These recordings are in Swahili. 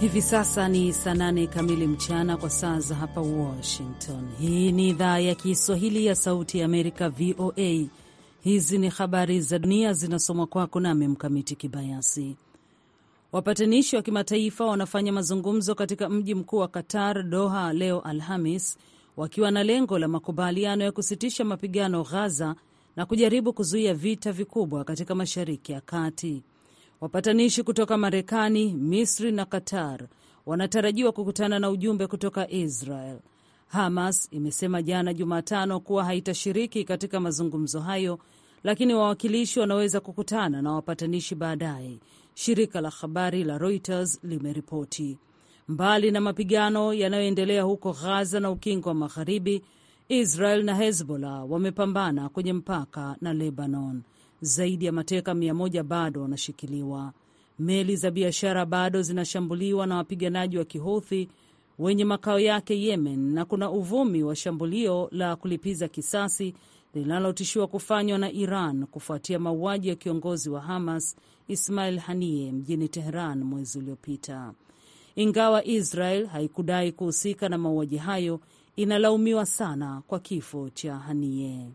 Hivi sasa ni saa nane kamili mchana kwa saa za hapa Washington. Hii ni idhaa ya Kiswahili ya Sauti ya Amerika, VOA. Hizi ni habari za dunia zinasomwa kwako nami Mkamiti Kibayasi. Wapatanishi wa kimataifa wanafanya mazungumzo katika mji mkuu wa Qatar, Doha, leo Alhamis, wakiwa na lengo la makubaliano ya kusitisha mapigano Ghaza na kujaribu kuzuia vita vikubwa katika Mashariki ya Kati. Wapatanishi kutoka Marekani, Misri na Qatar wanatarajiwa kukutana na ujumbe kutoka Israel. Hamas imesema jana Jumatano kuwa haitashiriki katika mazungumzo hayo, lakini wawakilishi wanaweza kukutana na wapatanishi baadaye, shirika la habari la Reuters limeripoti. Mbali na mapigano yanayoendelea huko Ghaza na Ukingo wa Magharibi, Israel na Hezbollah wamepambana kwenye mpaka na Lebanon. Zaidi ya mateka mia moja bado wanashikiliwa. Meli za biashara bado zinashambuliwa na wapiganaji wa Kihouthi wenye makao yake Yemen, na kuna uvumi wa shambulio la kulipiza kisasi linalotishiwa kufanywa na Iran kufuatia mauaji ya kiongozi wa Hamas Ismail hanie mjini teheran mwezi uliopita. Ingawa Israel haikudai kuhusika na mauaji hayo, inalaumiwa sana kwa kifo cha Haniyeh.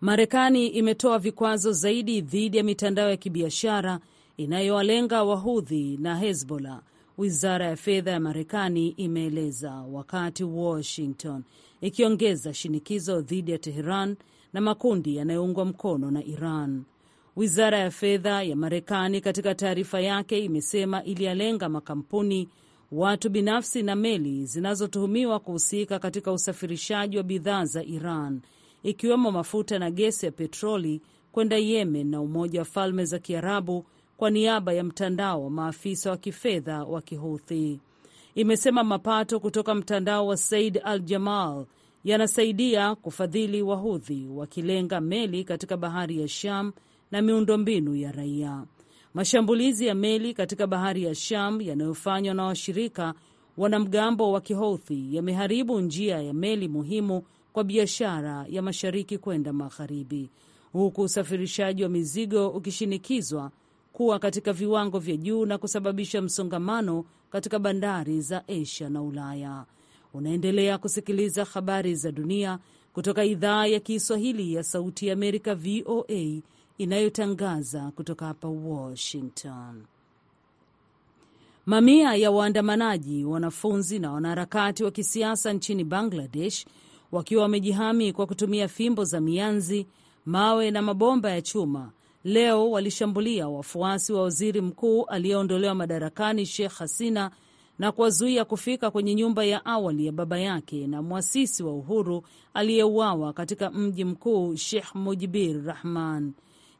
Marekani imetoa vikwazo zaidi dhidi ya mitandao ya kibiashara inayowalenga Wahudhi na Hezbollah, wizara ya fedha ya Marekani imeeleza, wakati Washington ikiongeza shinikizo dhidi ya Teheran na makundi yanayoungwa mkono na Iran. Wizara ya fedha ya Marekani katika taarifa yake imesema iliyalenga makampuni, watu binafsi na meli zinazotuhumiwa kuhusika katika usafirishaji wa bidhaa za Iran ikiwemo mafuta na gesi ya petroli kwenda Yemen na Umoja wa Falme za Kiarabu kwa niaba ya mtandao wa maafisa wa kifedha wa Kihuthi. Imesema mapato kutoka mtandao wa Said al Jamal yanasaidia kufadhili Wahudhi wakilenga meli katika bahari ya Sham na miundombinu ya raia. Mashambulizi ya meli katika bahari ya Sham yanayofanywa na washirika wanamgambo wa Kihouthi yameharibu njia ya meli muhimu kwa biashara ya mashariki kwenda magharibi, huku usafirishaji wa mizigo ukishinikizwa kuwa katika viwango vya juu na kusababisha msongamano katika bandari za Asia na Ulaya. Unaendelea kusikiliza habari za dunia kutoka idhaa ya Kiswahili ya Sauti ya Amerika, VOA, inayotangaza kutoka hapa Washington. Mamia ya waandamanaji, wanafunzi na wanaharakati wa kisiasa nchini Bangladesh wakiwa wamejihami kwa kutumia fimbo za mianzi, mawe na mabomba ya chuma. Leo walishambulia wafuasi wa waziri mkuu aliyeondolewa madarakani Sheikh Hasina na kuwazuia kufika kwenye nyumba ya awali ya baba yake na mwasisi wa uhuru aliyeuawa katika mji mkuu Sheikh Mujibir Rahman.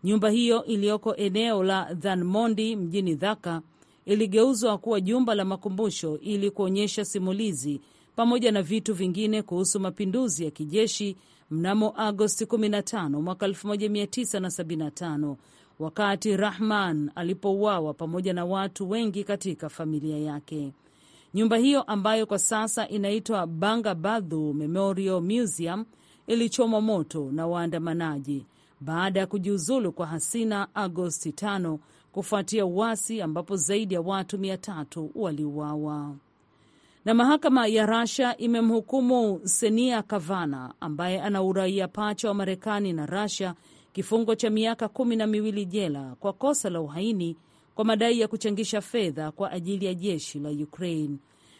Nyumba hiyo iliyoko eneo la Dhanmondi mjini Dhaka iligeuzwa kuwa jumba la makumbusho ili kuonyesha simulizi pamoja na vitu vingine kuhusu mapinduzi ya kijeshi mnamo Agosti 15 mwaka 1975 wakati Rahman alipouawa pamoja na watu wengi katika familia yake. Nyumba hiyo ambayo kwa sasa inaitwa Bangabadhu Memorial Museum ilichomwa moto na waandamanaji baada ya kujiuzulu kwa Hasina Agosti 5 kufuatia uasi ambapo zaidi ya watu mia tatu waliuawa na mahakama ya Rasia imemhukumu Senia Kavana ambaye ana uraia pacha wa Marekani na Rasia kifungo cha miaka kumi na miwili jela kwa kosa la uhaini kwa madai ya kuchangisha fedha kwa ajili ya jeshi la Ukraine.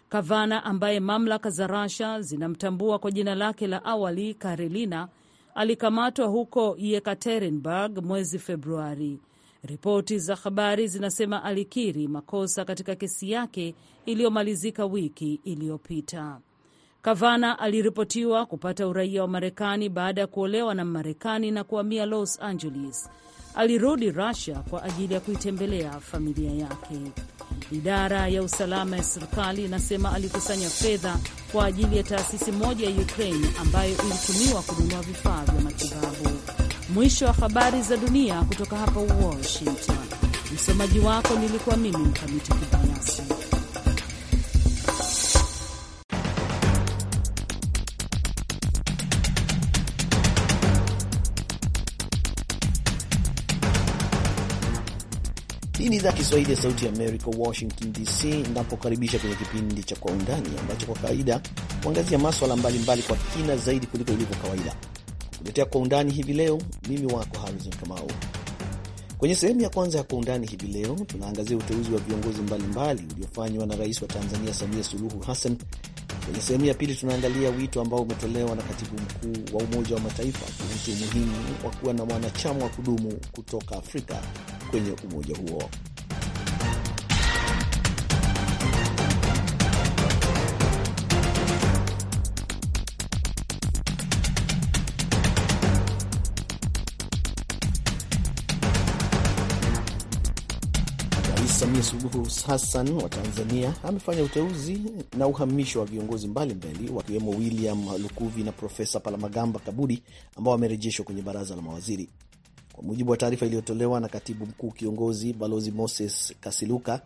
Kavana ambaye mamlaka za rasha zinamtambua kwa jina lake la awali Karelina alikamatwa huko Yekaterinburg mwezi Februari. Ripoti za habari zinasema alikiri makosa katika kesi yake iliyomalizika wiki iliyopita. Kavana aliripotiwa kupata uraia wa Marekani baada ya kuolewa na Marekani na kuhamia Los Angeles. Alirudi rusia kwa ajili ya kuitembelea familia yake. Idara ya usalama ya serikali inasema alikusanya fedha kwa ajili ya taasisi moja ya Ukraine ambayo ilitumiwa kununua vifaa vya matibabu. Mwisho wa habari za dunia kutoka hapa Washington. Msomaji wako nilikuwa mimi Mkamiti Kibayasi. Hii ni idhaa Kiswahili ya Sauti ya Amerika, Washington DC, napokaribisha kwenye kipindi cha Kwa Undani ambacho kwa kawaida huangazia maswala mbalimbali kwa kina zaidi kuliko ilivyo kawaida kuletea kwa undani hivi leo. Mimi wako Harrison Kamau. Kwenye sehemu ya kwanza ya kwa undani hivi leo tunaangazia uteuzi wa viongozi mbalimbali uliofanywa na rais wa Tanzania Samia Suluhu Hassan. Kwenye sehemu ya pili tunaangalia wito ambao umetolewa na katibu mkuu wa Umoja wa Mataifa kuhusu umuhimu wa kuwa na mwanachama wa kudumu kutoka Afrika kwenye umoja huo. Samia Suluhu Hassan wa Tanzania amefanya uteuzi na uhamisho wa viongozi mbalimbali wakiwemo William Lukuvi na Profesa Palamagamba Kabudi ambao wamerejeshwa kwenye baraza la mawaziri. Kwa mujibu wa taarifa iliyotolewa na katibu mkuu kiongozi Balozi Moses Kasiluka,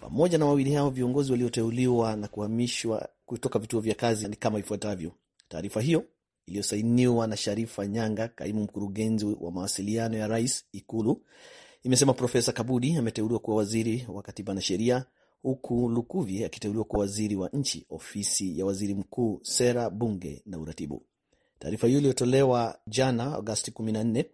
pamoja na wawili hao viongozi walioteuliwa na kuhamishwa kutoka vituo vya kazi ni kama ifuatavyo. Taarifa hiyo iliyosainiwa na Sharifa Nyanga, kaimu mkurugenzi wa mawasiliano ya rais Ikulu, imesema Profesa Kabudi ameteuliwa kuwa waziri wa katiba na sheria, huku Lukuvi akiteuliwa kuwa waziri wa nchi, ofisi ya waziri mkuu, sera, bunge na uratibu. Taarifa hiyo iliyotolewa jana Agosti 14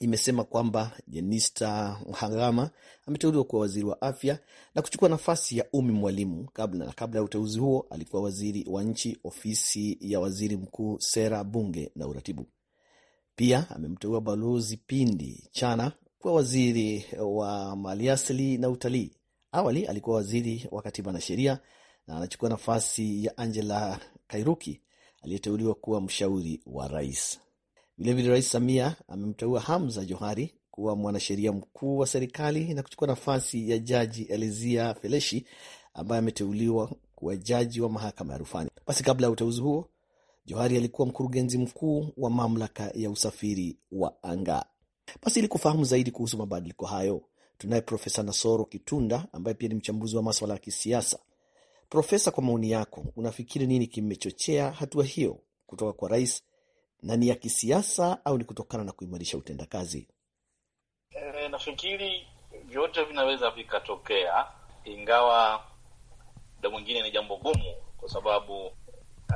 imesema kwamba Jenista Mhagama ameteuliwa kuwa waziri wa afya na kuchukua nafasi ya Umi Mwalimu. Kabla na kabla ya uteuzi huo alikuwa waziri wa nchi, ofisi ya waziri mkuu, sera, bunge na uratibu. Pia amemteua Balozi Pindi Chana kuwa waziri wa maliasili na utalii. Awali alikuwa waziri wa katiba na sheria na anachukua nafasi ya Angela Kairuki aliyeteuliwa kuwa mshauri wa rais. Vilevile Rais Samia amemteua Hamza Johari kuwa mwanasheria mkuu wa serikali na kuchukua nafasi ya Jaji Elizia Feleshi ambaye ameteuliwa kuwa jaji wa mahakama ya rufani. Basi kabla ya uteuzi huo, Johari alikuwa mkurugenzi mkuu wa mamlaka ya usafiri wa anga basi ili kufahamu zaidi kuhusu mabadiliko hayo, tunaye Profesa Nasoro Kitunda ambaye pia ni mchambuzi wa maswala ya kisiasa. Profesa, kwa maoni yako, unafikiri nini kimechochea hatua hiyo kutoka kwa rais, na ni ya kisiasa au ni kutokana na kuimarisha utendakazi? E, nafikiri vyote vinaweza vikatokea, ingawa muda mwingine ni jambo gumu, kwa sababu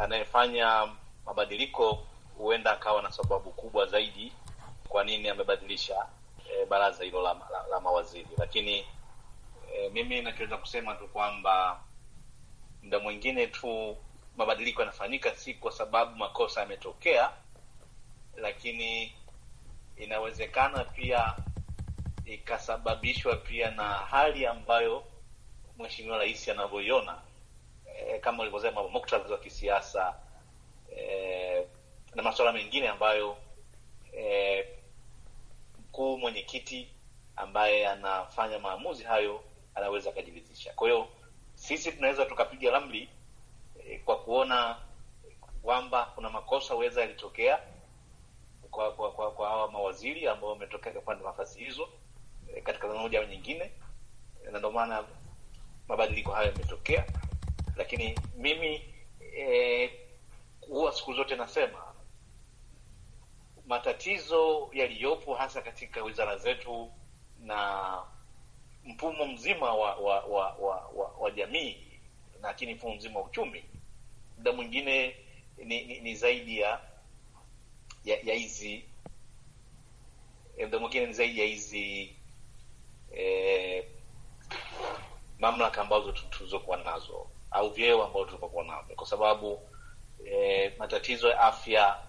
anayefanya mabadiliko huenda akawa na sababu kubwa zaidi kwa nini amebadilisha e, baraza hilo la, la, la mawaziri. Lakini e, mimi nachoweza kusema tu kwamba muda mwingine tu mabadiliko yanafanyika si kwa sababu makosa yametokea, lakini inawezekana pia ikasababishwa pia na hali ambayo mheshimiwa rais anavyoiona, e, kama ulivyosema, muktadha wa kisiasa e, na masuala mengine ambayo eh, mkuu mwenyekiti ambaye anafanya maamuzi hayo anaweza akajiridhisha. Kwa hiyo sisi tunaweza tukapiga ramli eh, kwa kuona kwamba kuna makosa weza yalitokea kwa kwa kwa kwa hawa mawaziri ambao wametokea kupanda nafasi hizo eh, katika namna moja au nyingine, na ndio maana mabadiliko hayo yametokea. Lakini mimi eh, huwa siku zote nasema matatizo yaliyopo hasa katika wizara zetu na mfumo mzima wa wa wa wa, wa, wa jamii, lakini mfumo mzima wa uchumi muda mwingine ni, ni, ni zaidi ya ya hizi eh, muda mwingine ni zaidi ya hizi eh, mamlaka ambazo tulizokuwa nazo au vyeo ambazo tulivokuwa navyo, kwa sababu eh, matatizo ya afya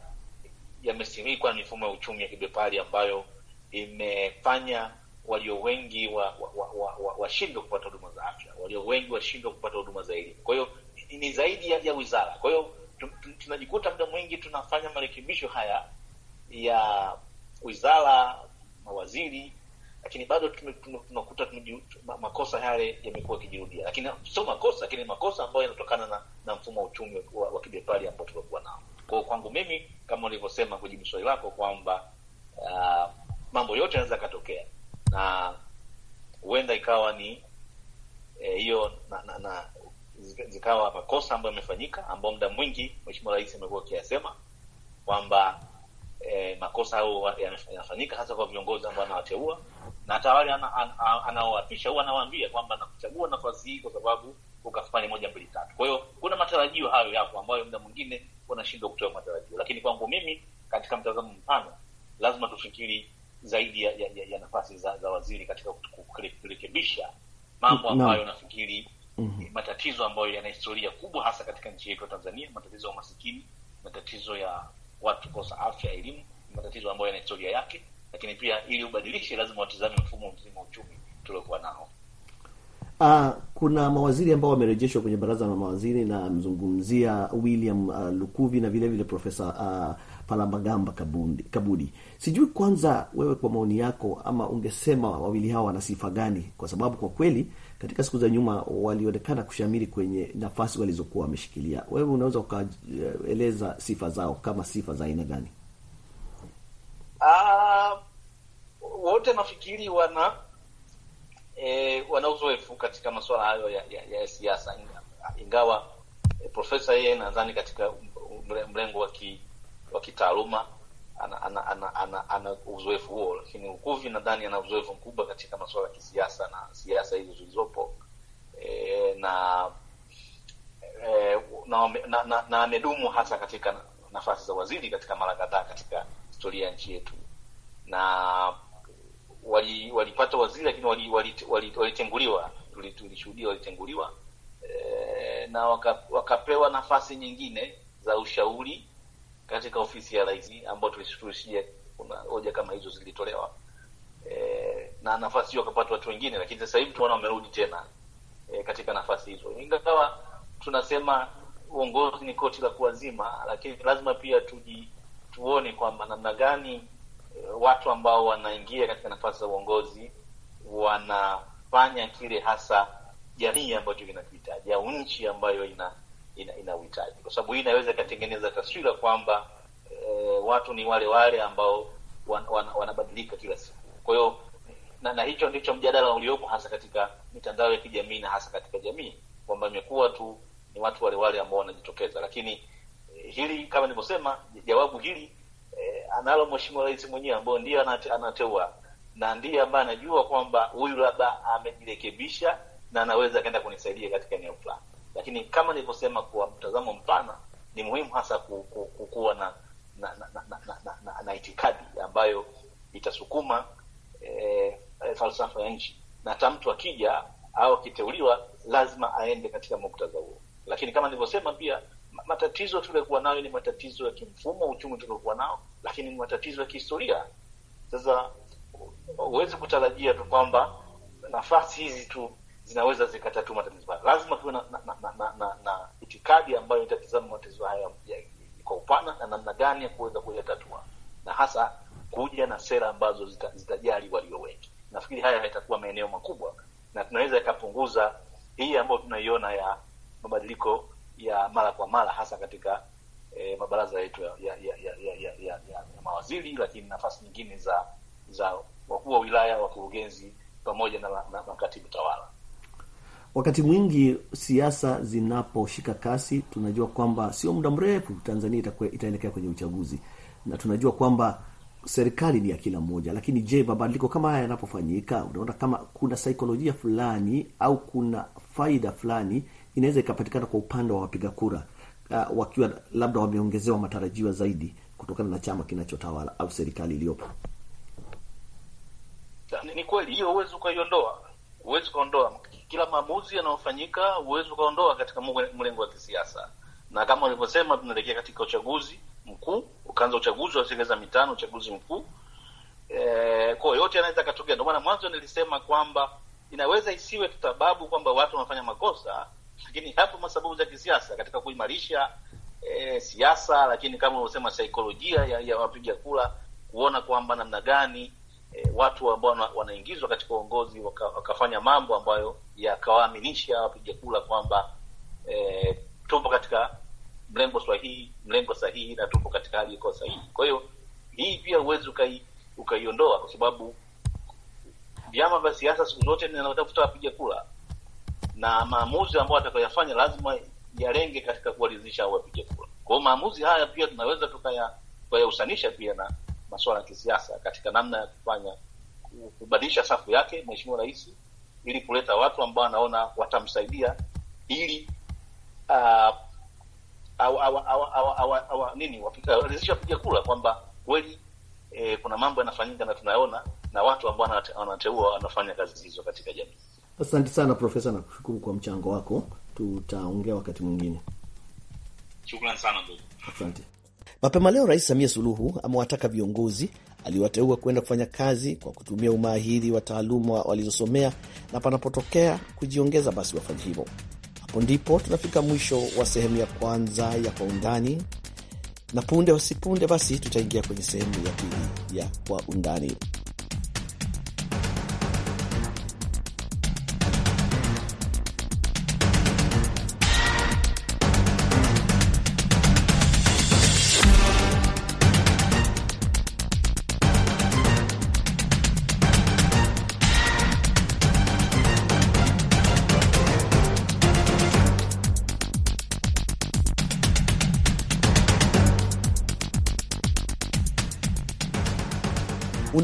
yamesirikwa na mifumo ya uchumi ya kibepari ambayo imefanya walio wengi washindwe wa, wa, wa, wa, kupata huduma za afya, walio wengi washindwe kupata huduma za elimu. Kwa hiyo ni zaidi ya, ya wizara. Kwa hiyo tunajikuta muda mwingi tunafanya marekebisho haya ya wizara, mawaziri, lakini bado tunakuta makosa yale yamekuwa yakijirudia, lakini sio makosa, lakini makosa ambayo yanatokana na, na mfumo wa uchumi wa kibepari ambao tumekuwa nao. Kwa kwangu mimi, kama ulivyosema kujibu swali lako kwamba uh, mambo yote yanaweza yakatokea, na huenda ikawa ni eh, hiyo e, na, na, na zikawa makosa ambayo yamefanyika, ambao muda mwingi Mheshimiwa Rais amekuwa akiyasema kwamba e, makosa hayo yanafanyika hasa kwa viongozi ambao anawateua na hata wale anaowapisha ana, ana, ana huwa anawaambia kwamba nakuchagua nafasi hii kwa sababu ukafanya moja mbili tatu. Kwa hiyo kuna matarajio hayo yapo, ambayo muda mwingine wanashindwa kutoa matarajio, lakini kwangu mimi, katika mtazamo mpana, lazima tufikiri zaidi ya, ya, ya nafasi za, za waziri katika kurekebisha mambo mm, ambayo no. nafikiri mm -hmm. matatizo ambayo yana historia kubwa hasa katika nchi yetu ya Tanzania, matatizo ya umasikini, matatizo ya watu kosa afya, elimu, matatizo ambayo yana historia yake, lakini pia ili ubadilishe, lazima watizame mfumo mzima wa uchumi tuliokuwa nao. Uh, kuna mawaziri ambao wamerejeshwa kwenye baraza la mawaziri na mzungumzia William uh, Lukuvi na vile vile Profesa uh, Palambagamba Kabudi, Kabudi. Sijui kwanza wewe kwa maoni yako ama ungesema wawili hawa wana sifa gani? Kwa sababu kwa kweli katika siku za nyuma walionekana kushamiri kwenye nafasi walizokuwa wameshikilia. Wewe unaweza ukaeleza sifa zao kama sifa za aina gani? Uh, wote nafikiri wana e, wana uzoefu katika masuala hayo ya, ya, ya siasa, ingawa e, profesa yeye nadhani katika mlengo wa wa kitaaluma ana, ana, ana, ana, ana uzoefu huo, lakini Ukuvi nadhani ana uzoefu mkubwa katika masuala ya kisiasa na siasa hizo zilizopo e, na e, na, na, na, na amedumu hasa katika nafasi za waziri katika mara kadhaa katika historia ya nchi yetu na walipata waziri lakini walitenguliwa, tulishuhudia walitenguliwa eh, na waka, wakapewa nafasi nyingine za ushauri katika ofisi ya rais, ambao tulishuhudia kuna hoja kama hizo zilitolewa e, na nafasi hiyo wakapata watu wengine, lakini sasa hivi tunaona wamerudi tena e, katika nafasi hizo, ingawa tunasema uongozi ni koti la kuwazima, lakini lazima pia tuji, tuone kwamba namna gani watu ambao wanaingia katika nafasi za uongozi wanafanya kile hasa jamii ambacho kinakihitaji au nchi ambayo ina ina, ina uhitaji, kwa sababu hii inaweza ikatengeneza taswira kwamba e, watu ni wale wale ambao wan, wan, wanabadilika kila siku. Kwa hiyo na, na hicho ndicho mjadala uliopo hasa katika mitandao ya kijamii na hasa katika jamii kwamba imekuwa tu ni watu wale wale ambao wanajitokeza, lakini eh, hili kama nilivyosema, jawabu hili eh, analo Mheshimiwa Rais mwenyewe ambayo ndiye anate, anateua na ndiye ambaye anajua kwamba huyu labda amejirekebisha na anaweza akaenda kunisaidia katika eneo fulani. Lakini kama nilivyosema, kwa mtazamo mpana, ni muhimu hasa kuwa na na, na, na, na, na, na, na itikadi ambayo itasukuma eh, falsafa ya nchi, na hata mtu akija au akiteuliwa lazima aende katika muktadha huo. Lakini kama nilivyosema pia matatizo tuliokuwa nayo ni matatizo ya kimfumo uchumi tuliokuwa nao, lakini ni matatizo ya kihistoria. Sasa huwezi kutarajia tu kwamba nafasi hizi tu zinaweza zikatatua matatizo haya. Lazima tuwe na, na, na, na, na, na itikadi ambayo itatizama matatizo haya kwa upana na namna gani ya kuweza kuyatatua, na hasa kuja na sera ambazo zitajali zita walio wengi. Nafikiri haya yatakuwa maeneo makubwa, na tunaweza yakapunguza hii ambayo tunaiona ya mabadiliko ya mara kwa mara, hasa katika e, mabaraza yetu ya, ya, ya, ya, ya, ya, ya mawaziri, lakini nafasi nyingine za za wakuu wa wilaya, wakurugenzi pamoja na, na, na katibu tawala. Wakati mwingi siasa zinaposhika kasi, tunajua kwamba sio muda mrefu Tanzania itaelekea kwenye uchaguzi, na tunajua kwamba serikali ni ya kila mmoja. Lakini je, mabadiliko kama haya yanapofanyika, unaona kama kuna saikolojia fulani au kuna faida fulani inaweza ikapatikana kwa upande wa wapiga kura uh, wakiwa labda wameongezewa matarajio zaidi kutokana na chama kinachotawala au serikali iliyopo. Yaani, ni kweli hiyo, huwezi ukaiondoa, huwezi ukaondoa. Kila maamuzi yanayofanyika huwezi ukaondoa katika mlengo wa kisiasa, na kama walivyosema, tunaelekea katika uchaguzi mkuu, ukaanza uchaguzi wa za mitano, uchaguzi mkuu E, kwa yote yanaweza akatokea. Ndio maana mwanzo nilisema kwamba inaweza isiwe sababu kwamba watu wanafanya makosa, lakini hapo masababu za kisiasa katika kuimarisha e, siasa, lakini kama unavyosema saikolojia ya, ya wapiga kura kuona kwamba namna gani e, watu ambao wanaingizwa katika uongozi waka, wakafanya mambo ambayo yakawaaminisha wapiga kura kwamba e, tupo katika mlengo sahihi, mlengo sahihi na tupo katika hali iko sahihi. Kwa hiyo hii pia huwezi ukai, ukaiondoa kwa sababu vyama vya siasa siku zote vinatafuta wapiga kura na maamuzi ambayo atakayoyafanya lazima yalenge katika kuwaridhisha hao wapiga kura. Kwa hiyo maamuzi haya pia tunaweza tukayahusanisha pia na masuala ya kisiasa katika namna ya kufanya kubadilisha safu yake Mheshimiwa Rais ili kuleta watu ambao anaona watamsaidia ili uh, nini wapiga kura kwamba kweli eh, kuna mambo yanafanyika na tunayaona na watu ambao wanateua wanafanya kazi hizo katika jamii. Asante sana Profesa na kushukuru kwa mchango wako. Tutaongea wakati mwingine. Shukrani sana ndugu, asante. Mapema leo Rais Samia Suluhu amewataka viongozi aliwateua kwenda kufanya kazi kwa kutumia umahiri wa taaluma walizosomea na panapotokea kujiongeza basi wafanye hivyo. Hapo ndipo tunafika mwisho wa sehemu ya kwanza ya Kwa Undani, na punde wasipunde basi tutaingia kwenye sehemu ya pili ya Kwa Undani.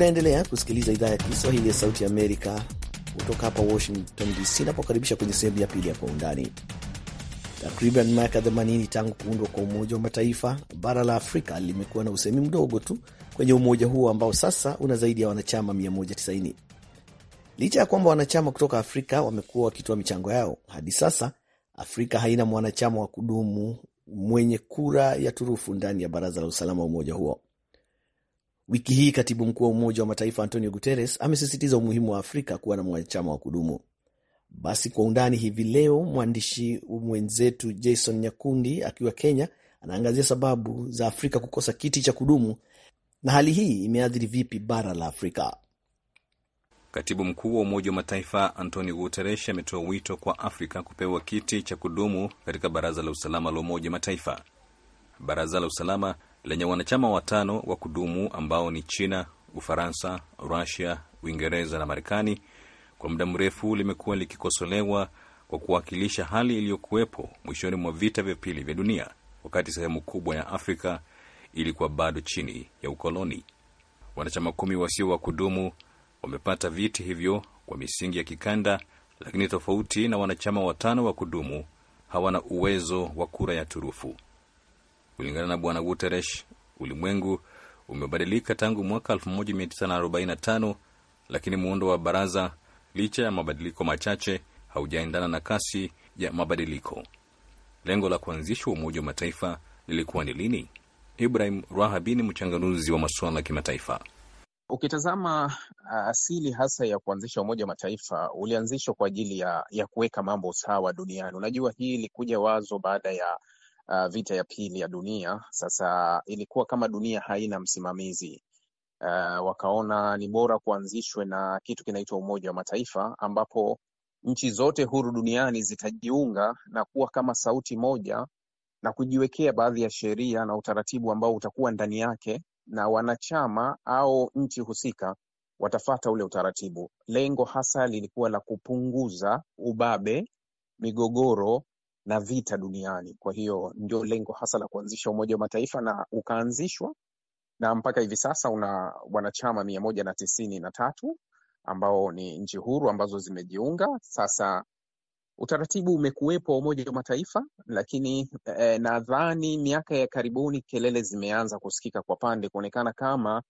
Unaendelea kusikiliza idhaa ya Kiswahili ya Sauti Amerika kutoka hapa Washington DC, napokaribisha kwenye sehemu ya pili ya Kwa Undani. Takriban miaka 80 tangu kuundwa kwa Umoja wa Mataifa, bara la Afrika limekuwa na usemi mdogo tu kwenye umoja huo ambao sasa una zaidi ya wanachama 190. Licha ya kwamba wanachama kutoka Afrika wamekuwa wakitoa michango yao, hadi sasa Afrika haina mwanachama wa kudumu mwenye kura ya turufu ndani ya Baraza la Usalama wa umoja huo. Wiki hii katibu mkuu wa Umoja wa Mataifa Antonio Guterres amesisitiza umuhimu wa Afrika kuwa na mwanachama wa kudumu. Basi kwa undani hivi leo, mwandishi mwenzetu Jason Nyakundi akiwa Kenya anaangazia sababu za Afrika kukosa kiti cha kudumu na hali hii imeathiri vipi bara la Afrika. Katibu mkuu wa Umoja wa Mataifa Antonio Guterres ametoa wito kwa Afrika kupewa kiti cha kudumu katika Baraza la Usalama la Umoja wa Mataifa. Baraza la Usalama lenye wanachama watano wa kudumu ambao ni China, Ufaransa, Rusia, Uingereza na Marekani, kwa muda mrefu limekuwa likikosolewa kwa kuwakilisha hali iliyokuwepo mwishoni mwa vita vya pili vya dunia, wakati sehemu kubwa ya Afrika ilikuwa bado chini ya ukoloni. Wanachama kumi wasio wa kudumu wamepata viti hivyo kwa misingi ya kikanda, lakini tofauti na wanachama watano wa kudumu hawana uwezo wa kura ya turufu. Kulingana na Bwana Guterres, ulimwengu umebadilika tangu mwaka 1945 lakini muundo wa baraza, licha ya mabadiliko machache, haujaendana na kasi ya mabadiliko. Lengo la kuanzishwa Umoja wa Mataifa lilikuwa ni lini? Ibrahim Rahabi ni mchanganuzi wa masuala ya kimataifa. Ukitazama uh, asili hasa ya kuanzisha Umoja wa Mataifa ulianzishwa kwa ajili ya, ya kuweka mambo sawa duniani. Unajua, hii ilikuja wazo baada ya uh, vita ya pili ya dunia. Sasa ilikuwa kama dunia haina msimamizi uh, wakaona ni bora kuanzishwe na kitu kinaitwa Umoja wa Mataifa ambapo nchi zote huru duniani zitajiunga na kuwa kama sauti moja na kujiwekea baadhi ya sheria na utaratibu ambao utakuwa ndani yake, na wanachama au nchi husika watafata ule utaratibu. Lengo hasa lilikuwa la kupunguza ubabe, migogoro na vita duniani. Kwa hiyo ndio lengo hasa la kuanzisha Umoja wa Mataifa na ukaanzishwa, na mpaka hivi sasa una wanachama mia moja na tisini na tatu ambao ni nchi huru ambazo zimejiunga. Sasa utaratibu umekuwepo wa Umoja wa Mataifa, lakini eh, nadhani miaka ya karibuni kelele zimeanza kusikika kwa pande kuonekana kama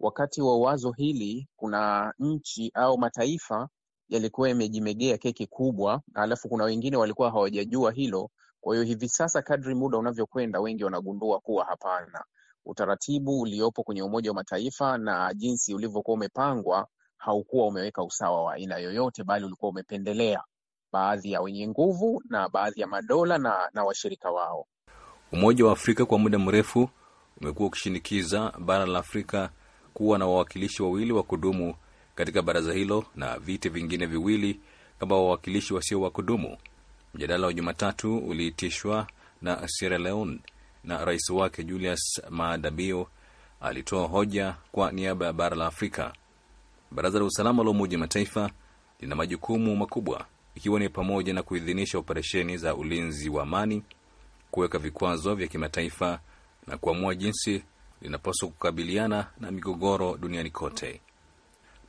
wakati wa wazo hili kuna nchi au mataifa yalikuwa yamejimegea keki kubwa, alafu kuna wengine walikuwa hawajajua hilo. Kwa hiyo hivi sasa, kadri muda unavyokwenda, wengi wanagundua kuwa hapana, utaratibu uliopo kwenye Umoja wa Mataifa na jinsi ulivyokuwa umepangwa haukuwa umeweka usawa wa aina yoyote, bali ulikuwa umependelea baadhi ya wenye nguvu na baadhi ya madola na, na washirika wao. Umoja wa Afrika kwa muda mrefu umekuwa ukishinikiza bara la Afrika kuwa na wawakilishi wawili wa kudumu katika baraza hilo na viti vingine viwili kama wawakilishi wasio wa kudumu. Mjadala wa Jumatatu uliitishwa na Sierra Leone na rais wake Julius Maada Bio alitoa hoja kwa niaba ya bara la Afrika. Baraza la Usalama la Umoja Mataifa lina majukumu makubwa, ikiwa ni pamoja na kuidhinisha operesheni za ulinzi wa amani, kuweka vikwazo vya kimataifa na kuamua jinsi linapaswa kukabiliana na migogoro duniani kote.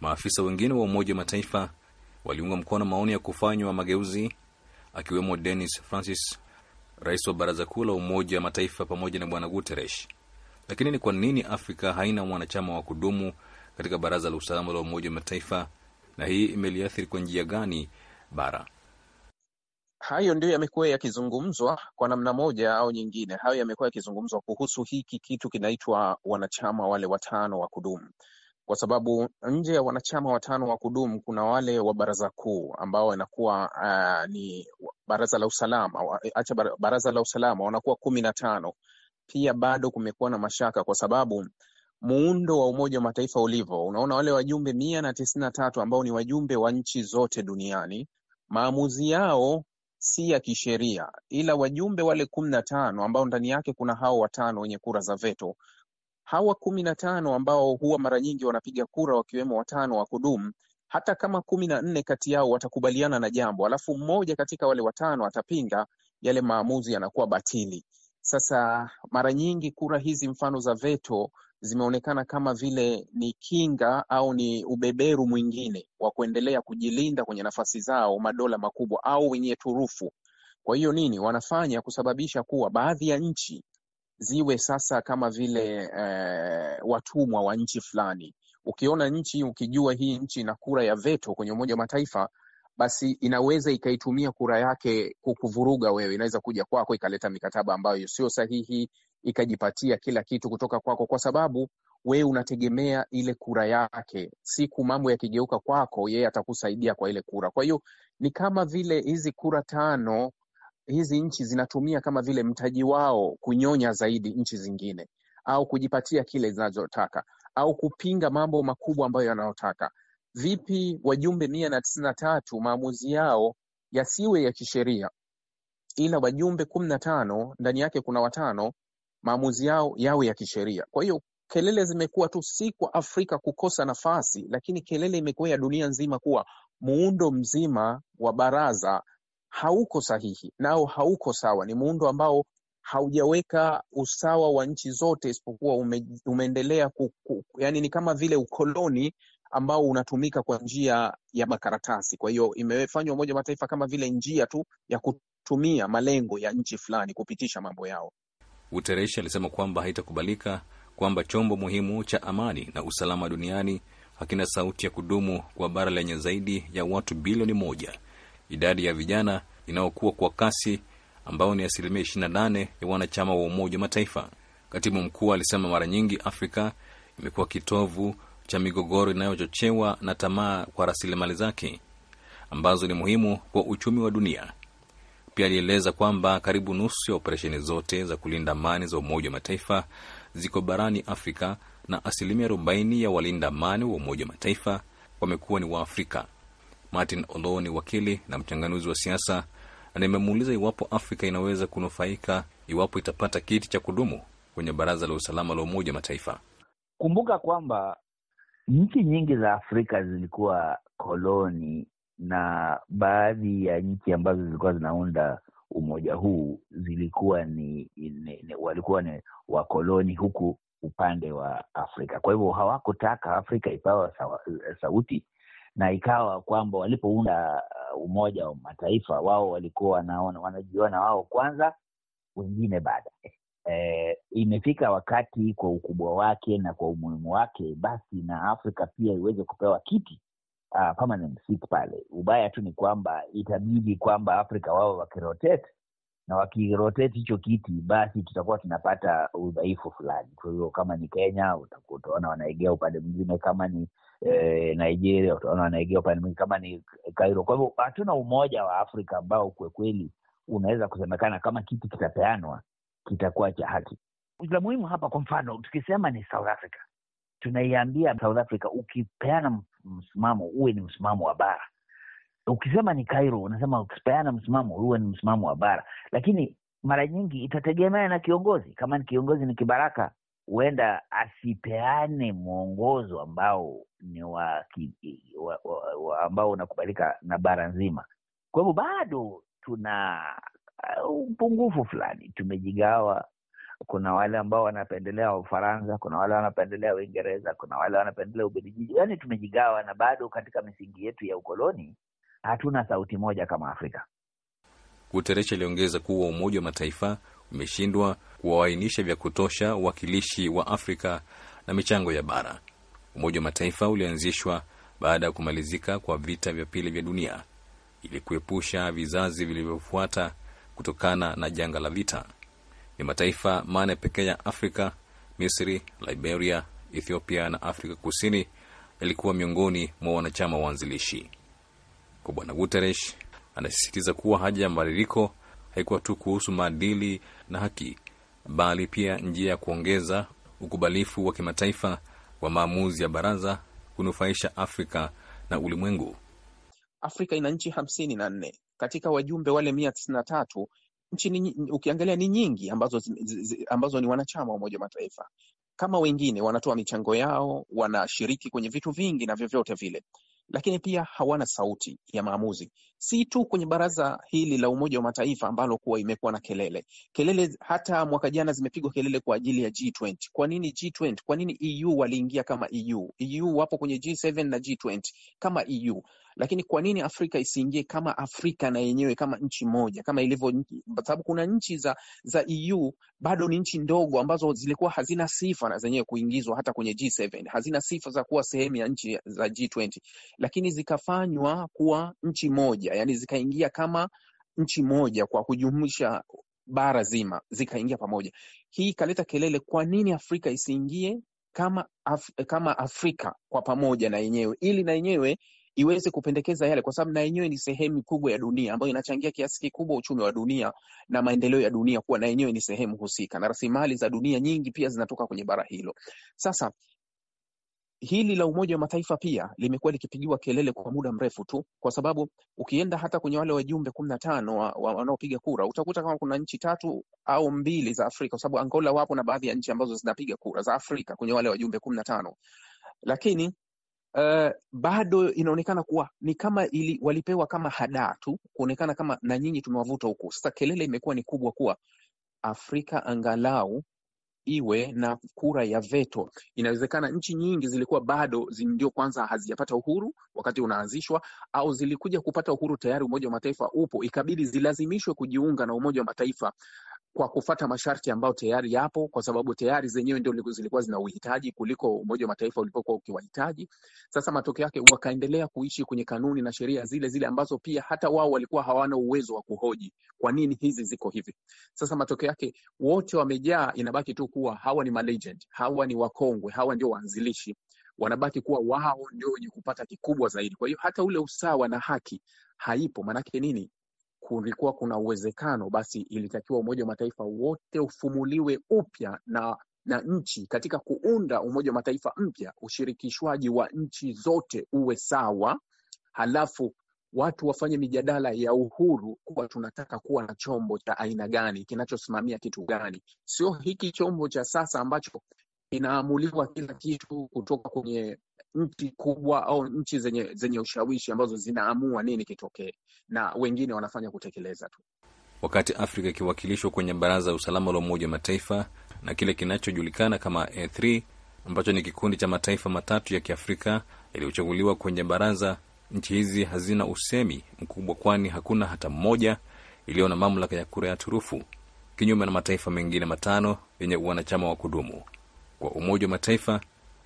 Maafisa wengine wa Umoja wa Mataifa waliunga mkono maoni ya kufanywa mageuzi, akiwemo Denis Francis, rais wa Baraza Kuu la Umoja wa Mataifa, pamoja na Bwana guteresh Lakini ni kwa nini Afrika haina mwanachama wa kudumu katika Baraza la Usalama la Umoja wa Mataifa, na hii imeliathiri kwa njia gani bara? Hayo ndio yamekuwa yakizungumzwa kwa namna moja au nyingine. Hayo yamekuwa yakizungumzwa kuhusu hiki kitu kinaitwa wanachama wale watano wa kudumu kwa sababu nje ya wanachama watano wa kudumu kuna wale wa baraza kuu ambao wanakuwa uh, ni baraza la usalama, acha baraza la usalama wanakuwa kumi na tano. Pia bado kumekuwa na mashaka kwa sababu muundo wa Umoja wa Mataifa ulivyo, unaona wale wajumbe mia na tisini na tatu ambao ni wajumbe wa nchi zote duniani, maamuzi yao si ya kisheria, ila wajumbe wale kumi na tano ambao ndani yake kuna hao watano wenye kura za veto Hawa kumi na tano ambao huwa mara nyingi wanapiga kura wakiwemo watano wa kudumu, hata kama kumi na nne kati yao watakubaliana na jambo, alafu mmoja katika wale watano atapinga, yale maamuzi yanakuwa batili. Sasa mara nyingi kura hizi mfano za veto zimeonekana kama vile ni kinga au ni ubeberu mwingine wa kuendelea kujilinda kwenye nafasi zao madola makubwa au wenye turufu. Kwa hiyo nini wanafanya kusababisha kuwa baadhi ya nchi ziwe sasa kama vile eh, watumwa wa nchi fulani. Ukiona nchi ukijua hii nchi ina kura ya veto kwenye Umoja wa Mataifa, basi inaweza ikaitumia kura yake kukuvuruga wewe, inaweza kuja kwako ikaleta mikataba ambayo sio sahihi, ikajipatia kila kitu kutoka kwako, kwa sababu wewe unategemea ile kura yake. Siku mambo yakigeuka kwako, yeye atakusaidia kwa ile kura. Kwa hiyo ni kama vile hizi kura tano hizi nchi zinatumia kama vile mtaji wao kunyonya zaidi nchi zingine au kujipatia kile zinachotaka au kupinga mambo makubwa ambayo yanayotaka. Vipi wajumbe mia na tisini na tatu maamuzi yao yasiwe ya kisheria, ila wajumbe kumi na tano ndani yake kuna watano maamuzi yao yawe ya kisheria. Kwa hiyo kelele zimekuwa tu si kwa Afrika kukosa nafasi, lakini kelele imekuwa ya dunia nzima kuwa muundo mzima wa baraza hauko sahihi nao hauko sawa. Ni muundo ambao haujaweka usawa wa nchi zote isipokuwa ume, umeendelea yani ni kama vile ukoloni ambao unatumika kwa njia ya makaratasi. Kwa hiyo imefanywa Umoja wa Mataifa kama vile njia tu ya kutumia malengo ya nchi fulani kupitisha mambo yao. utereshi alisema kwamba haitakubalika kwamba chombo muhimu cha amani na usalama duniani hakina sauti ya kudumu kwa bara lenye zaidi ya watu bilioni moja idadi ya vijana inayokuwa kwa kasi ambayo ni asilimia 28 ya wanachama wa Umoja wa Mataifa. Katibu mkuu alisema mara nyingi Afrika imekuwa kitovu cha migogoro inayochochewa na tamaa kwa rasilimali zake ambazo ni muhimu kwa uchumi wa dunia. Pia alieleza kwamba karibu nusu ya operesheni zote za kulinda amani za Umoja wa Mataifa ziko barani Afrika na asilimia 40 ya walinda amani wa Umoja wa Mataifa wamekuwa ni Waafrika. Martin Olo ni wakili na mchanganuzi wa siasa, na nimemuuliza iwapo Afrika inaweza kunufaika iwapo itapata kiti cha kudumu kwenye Baraza la Usalama la Umoja wa Mataifa. Kumbuka kwamba nchi nyingi za Afrika zilikuwa koloni na baadhi ya nchi ambazo zilikuwa zinaunda umoja huu zilikuwa ni, ni, ni walikuwa ni wakoloni huku upande wa Afrika. Kwa hivyo hawakutaka Afrika ipawa sauti na ikawa kwamba walipounda uh, Umoja wa Mataifa wao walikuwa wanajiona wao kwanza, wengine baadaye. E, imefika wakati kwa ukubwa wake na kwa umuhimu wake, basi na Afrika pia iweze kupewa kiti uh, permanent seat pale. Ubaya tu ni kwamba itabidi kwamba Afrika wao wakirotate na wakirotate hicho kiti, basi tutakuwa tunapata udhaifu fulani. Kwa hiyo kama ni Kenya utakuwa utaona wanaegea upande mwingine, kama ni eh, Nigeria, utaona wanaigia upande kama ni Kairo. Kwa hivyo hatuna umoja wa Afrika ambao kwa kweli unaweza kusemekana kama kitu kitapeanwa kitakuwa cha haki. La muhimu hapa, kwa mfano, tukisema ni South Africa, tunaiambia South Africa, ukipeana msimamo uwe ni msimamo wa bara. Ukisema ni Cairo, unasema ukipeana msimamo uwe ni msimamo wa bara, lakini mara nyingi itategemea na kiongozi. Kama ni kiongozi ni kibaraka huenda asipeane mwongozo ambao ni wa, wa, wa, wa ambao unakubalika na bara nzima. Kwa hivyo bado tuna uh, upungufu uh, fulani, tumejigawa. Kuna wale ambao wanapendelea Ufaransa, kuna wale wanapendelea Uingereza, kuna wale wanapendelea Ubelgiji. yani tumejigawa, na bado katika misingi yetu ya ukoloni hatuna sauti moja kama Afrika. Guterres aliongeza kuwa Umoja wa Mataifa umeshindwa kuwaainisha vya kutosha wakilishi wa Afrika na michango ya bara. Umoja wa Mataifa ulianzishwa baada ya kumalizika kwa vita vya pili vya dunia ili kuepusha vizazi vilivyofuata kutokana na janga la vita. Ni mataifa mane pekee ya Afrika, Misri, Liberia, Ethiopia na Afrika Kusini yalikuwa miongoni mwa wanachama waanzilishi. Kwa Bwana Guterres anasisitiza kuwa haja ya mabadiliko haikuwa tu kuhusu maadili na haki, bali pia njia ya kuongeza ukubalifu wa kimataifa wa maamuzi ya baraza kunufaisha Afrika na ulimwengu. Afrika ina nchi hamsini na nne katika wajumbe wale mia tisini na tatu nchi ukiangalia ni nyingi ambazo, zi, zi, ambazo ni wanachama wa Umoja wa Mataifa. Kama wengine wanatoa michango yao, wanashiriki kwenye vitu vingi na vyovyote vile, lakini pia hawana sauti ya maamuzi, si tu kwenye baraza hili la Umoja wa Mataifa ambalo kuwa imekuwa na kelele kelele. Hata mwaka jana zimepigwa kelele kwa ajili ya G20. Kwa nini G20? Kwa nini EU waliingia kama EU? EU wapo kwenye G7 na G20 kama EU, lakini kwa nini Afrika isiingie kama Afrika na yenyewe kama nchi moja kama ilivyo, kwa sababu kuna nchi za, za EU bado ni nchi ndogo ambazo zilikuwa hazina sifa na zenyewe kuingizwa hata kwenye G7, hazina sifa za kuwa sehemu ya nchi za G20, lakini zikafanywa kuwa nchi moja, yani zikaingia kama nchi moja kwa kujumuisha bara zima zikaingia pamoja. Hii ikaleta kelele, kwa nini Afrika isiingie kama Af kama Afrika kwa pamoja na yenyewe, ili na yenyewe iweze kupendekeza yale, kwa sababu na yenyewe ni sehemu kubwa ya dunia ambayo inachangia kiasi kikubwa uchumi wa dunia na maendeleo ya dunia, kuwa na yenyewe ni sehemu husika, na rasilimali za dunia nyingi pia zinatoka kwenye bara hilo. Sasa hili la Umoja wa Mataifa pia limekuwa likipigiwa kelele kwa muda mrefu tu, kwa sababu ukienda hata kwenye wale wajumbe kumi na tano wanaopiga kura utakuta kama kuna nchi tatu au mbili za Afrika, kwa sababu Angola wapo na baadhi ya nchi ambazo zinapiga kura za Afrika kwenye wale wajumbe kumi na tano lakini uh, bado inaonekana kuwa ni kama ili, walipewa kama hadaa tu kuonekana kama na nyinyi tumewavuta huku. Sasa kelele imekuwa ni kubwa kuwa Afrika angalau iwe na kura ya veto. Inawezekana nchi nyingi zilikuwa bado ndio kwanza hazijapata uhuru wakati unaanzishwa, au zilikuja kupata uhuru tayari Umoja wa Mataifa upo, ikabidi zilazimishwe kujiunga na Umoja wa Mataifa kwa kufata masharti ambayo tayari yapo, kwa sababu tayari zenyewe ndio zilikuwa zina uhitaji kuliko Umoja wa Mataifa ulipokuwa ukiwahitaji. Sasa matokeo yake wakaendelea kuishi kwenye kanuni na sheria zile zile ambazo pia hata wao walikuwa hawana uwezo wa kuhoji kwa nini hizi ziko hivi. Sasa matokeo yake wote wamejaa, inabaki tu kuwa hawa ni malegend, hawa ni wakongwe, hawa ndio waanzilishi, wanabaki kuwa wao ndio wenye kupata kikubwa zaidi. Kwa hiyo hata ule usawa na haki haipo. Maanake nini? kulikuwa kuna uwezekano basi ilitakiwa Umoja wa Mataifa wote ufumuliwe upya na na nchi katika kuunda Umoja wa Mataifa mpya, ushirikishwaji wa nchi zote uwe sawa, halafu watu wafanye mijadala ya uhuru kuwa tunataka kuwa na chombo cha aina gani kinachosimamia kitu gani, sio hiki chombo cha sasa ambacho inaamuliwa kila kitu kutoka kwenye nchi kubwa au nchi zenye, zenye ushawishi ambazo zinaamua nini kitokee na wengine wanafanya kutekeleza tu. Wakati Afrika ikiwakilishwa kwenye Baraza la Usalama la Umoja wa Mataifa na kile kinachojulikana kama A3 ambacho ni kikundi cha mataifa matatu ya Kiafrika yaliyochaguliwa kwenye baraza, nchi hizi hazina usemi mkubwa, kwani hakuna hata mmoja iliyo na mamlaka ya kura ya turufu, kinyume na mataifa mengine matano yenye uwanachama wa kudumu. Kwa Umoja wa Mataifa,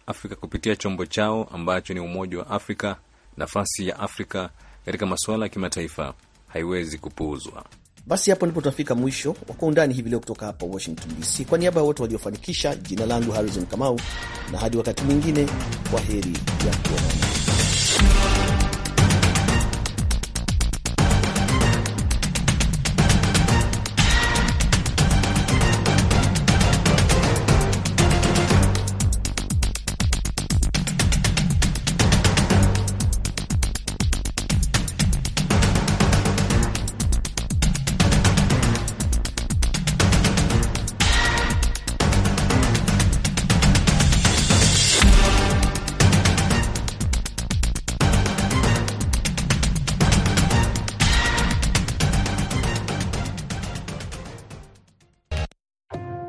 Afrika kupitia chombo chao ambacho ni Umoja wa Afrika. Nafasi ya Afrika katika masuala ya kimataifa haiwezi kupuuzwa. Basi hapo ndipo tunafika mwisho wa Kwa Undani hivi leo kutoka hapa Washington DC. Kwa niaba ya wote waliofanikisha, jina langu Harrison Kamau, na hadi wakati mwingine, kwa heri ya kuonana.